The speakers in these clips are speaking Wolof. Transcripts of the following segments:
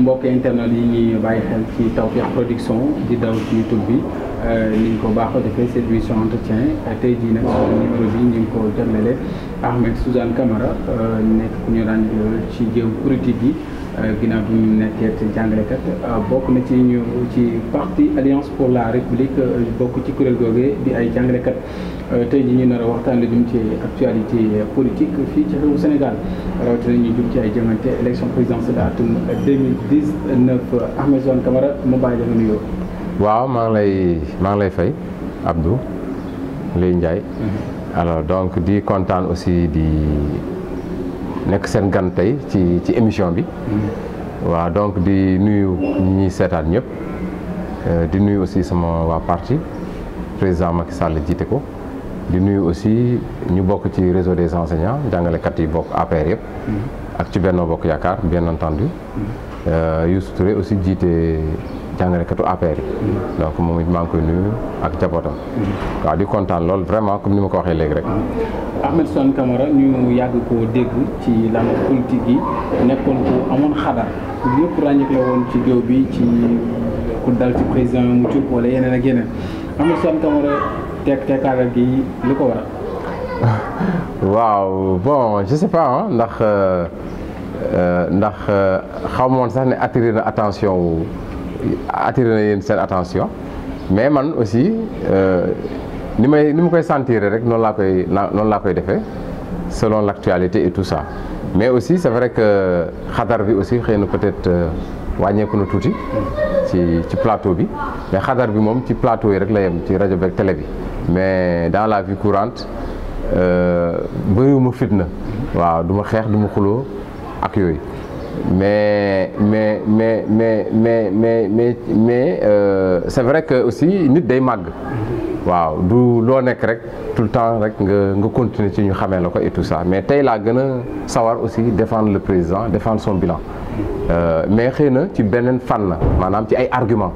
mbokk internet yi ñuy bàyyi xel ci Tawfekh Production di daw ci YouTube bi euh, ni ñu ko baaxoo defee seen émission entretien tey jii nag suñu numéro bi ñu ngi ko jaglele Ahmed Suzanne Camara euh, nekk ku ñu daan ci jéem politique yi euh, ginnaaw bi ñu nekkee jàngalekat bokk na ci ñu ci parti Alliance pour la République bokk ci kuréel googee di ay jàngalekat. Euh, tey ji ñu nar a waxtaan la jëm ci actualité politique fii ci réewu Sénégal rawatina ay jëmante élection présidentielle atum waaw maa lay maa ngi lay fay Abdou Lay Ndiaye. Mhm. alors donc di kontaan aussi di nekk seen gan tey ci ci émission bi. Mhm. waaw donc di nuyu ñi seetaan ñëpp euh, di nuyu aussi sama waa parti président Macky Sall jiite ko. di nuyu aussi ñu bokk ci réseau des enseignants jàngalekat yi bokk APR yëpp. Mm-hmm. ak ci Benno Bokk Yaakaar bien entendu. Mm-hmm. Euh, Youssou Touré aussi jiite jàngalekatu APR yi. Mm-hmm. donc moom it maa ngi koy nuyu ak njabootam. waaw di kontaan lool vraiment comme ni ma ko waxee léegi rek. Ahmed Suzanne Camara ñu yàgg koo dégg ci lan politique yi nekkoon ko amoon xadar ñëpp ràññeeku la woon ci géew bi ci ku dal ci président Moutioub wala yeneen ak yeneen tekk tekkaaral gi lu ko waral. waaw bon je sais pas ndax euh, euh, ndax euh, xamoon sax ne attiré na attention wu attiré na yéen seen attention mais man aussi ni may ni ma koy sentir rek noonu laa koy noonu laa koy defee selon l'actualité et tout ça mais aussi c'est vrai que xadar bi aussi xëy na peut-être wàññeeku na tuuti. ci ci plateau bi mais xadar bi moom ci plateau yi rek la yem ci rajo beeg télé bi mais dans la vie courante euh, bëriwuma fitna waaw du xeex du ma xuloo ak yooyu mais mais mais mais mais mais mais euh, c'est vrai que aussi nit day màgg. waaw du loo nekk rek tout le temps rek nga nga continuer ci ñu xamee la ko et tout ça mais tey laa gën a sawar aussi défendre le président défendre son bilan euh, mais xëy na ci beneen fan na maanaam ci ay argument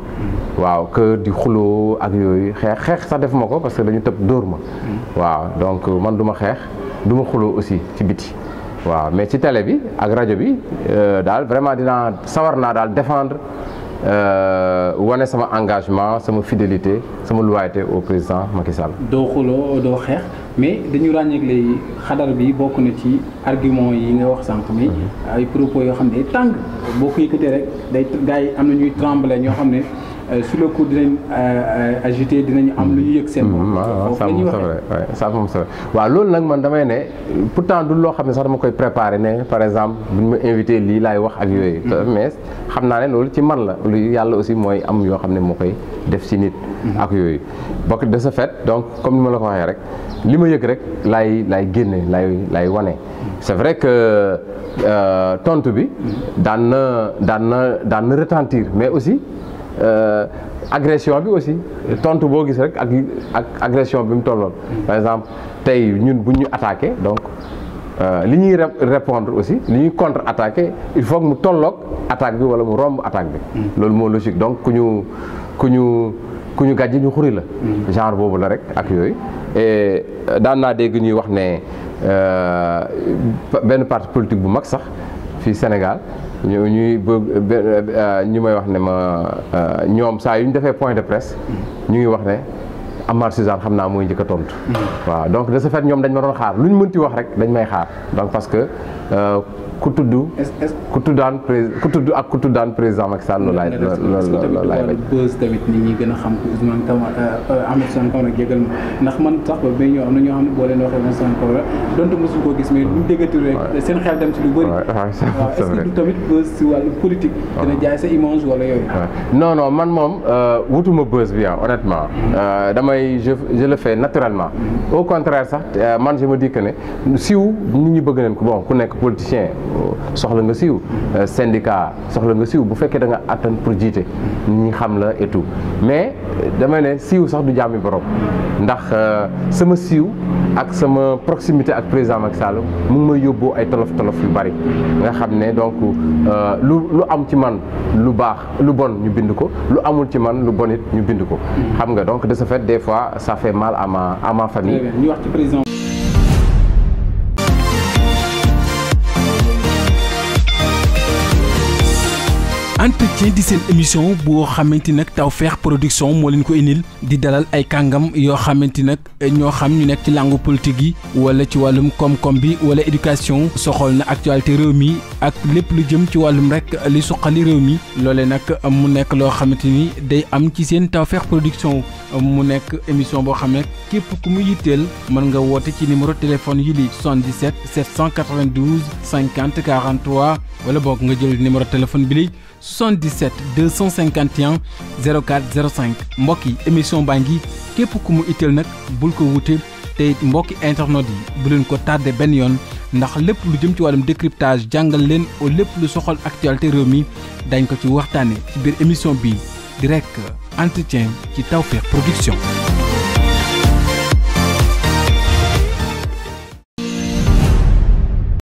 waaw que di xuloo ak yooyu xeex xeex sax def ma ko parce que dañu tëb dóor ma waaw donc man duma xeex duma xuloo aussi ci biti waaw mais ci tele bi ak rajo bi euh, daal vraiment dinaa sawar naa daal défendre Euh, wane sama engagement sama fidélité sama loyauté au président Macky Sall. doo xuloo doo xeex mais dañu ràññeek léegi xadar bi bokk na ci argument yi ngay wax sànq mais mhm. ay propos yoo xam ne tàng boo ko yëkkatee rek day gars yi am na ñuy trembler ñoo xam ne. Euh, sur le coup dinañ euh, euh, agité dinañ am lu ñu yëg seen bopp. moom c'est moom c'est vrai waaw loolu nag man damay ne pourtant du loo xam ne sax dama koy préparé ne par exemple buñ ma invité lii laay wax ak yooyu. Mm-hmm. mais xam naa ne loolu ci man la lu yàlla aussi mooy am yoo xam ne moo koy def ci nit. Mm-hmm. ak yooyu bokk de ce fait donc comme ni ma la ko waxee rek li ma yëg rek laay laay génne laay laay wane. Mm-hmm. c'est vrai que tontu bi daan na daan na daan na retentir mais aussi. Euh, agression bi aussi tontu boo gis rek ak ak agression bi mu tolloon par exemple tey ñun bu ñu attaqué donc euh, li ñuy répondre aussi li ñuy contre attaqué il faut mu tolloog attaque bi wala mu romb attaque bi hmm. loolu moo logique donc ku ñu ku ñu ku ñu gàjji ñu xuri la hmm. genre boobu la rek ak yooyu e daan naa dégg ñuy wax ne benn partie politique bu mag sax fii Sénégal ñu ñuy ah, ñi may wax ne ma ah, ñoom saa yu ñu defee point de presse mm-hmm. ñu ngi wax ne Amar Suzanne xam naa mooy njëkk tontu. Mm-hmm. waaw donc de ce fait ñoom dañ ma doon xaar lu ñu mënti wax rek dañ may xaar donc parce que. Euh, ku tudd. ku tuddaan président ku tudd ak ku tuddaan président Macky Sall loolu laay loolu laay bañ. buzz tamit nit ñi gën a xam ko Ousmane Camara euh, Ahmed Sonko nag jégal ma ndax man sax ba bay ñëw am na ñoo xam ne boo leen waxee Ousmane Sonko la donte mosu koo gis mais buñ déggati rek seen xel dem ci lu bëri. waaw est-ce que du tamit buzz si wàllu politique. dina jaay sa image wala yooyu. non non man moom euh, wutuma buzz bi ah honnêtement. Mm-hmm. Euh, damay je je le fais naturellement. Mm-hmm. au contraire sax man je me dis que ne siiw nit ñi bëgg nañ ko bon ku nekk politicien. soxla nga siiw euh, syndicat soxla nga siiw bu fekkee da nga attan pour jiite ñi xam la et mais euh, dama ne siiw sax du jaami borom ndax euh, sama siiw ak sama proximité ak président Macky Sall mu ngi may yóbboo ay tolof tolof yu bari nga xam ne donc lu lu am ci man lu baax lu bon ñu bind ko lu amul ci man lu bon ñu bind ko xam nga donc de ce fait des fois ça fait mal à famille ñu wax ci président entretien di seen émission boo xamante nag Tawfekh Production moo leen ko indil di dalal ay kàngam yoo xamante nag ñoo xam ñu nekk ci làngu politique yi wala ci wàllum koom-koom bi wala éducation soxal na actualité réew mi ak lépp lu jëm ci wàllum rek li suqali réew mi loole nag mu nekk loo xamante ni day am ci seen Tawfekh Production mu nekk émission boo xam ne képp ku mu yitteel mën nga woote ci numéro téléphone yi li 77 792 50 43 wala boog nga jël numéro téléphone bi li 77 251 04 05 mbokk yi émission baa ngi képp ku mu itteel nag bul ko wute te mbokki internet yi bu leen ko tardé benn yoon ndax lépp lu jëm ci wàllum décryptage jàngal leen o lépp lu soxal actualité réew mi dañ ko ci waxtaane ci biir émission bi direct entretien ci Tawfekh Production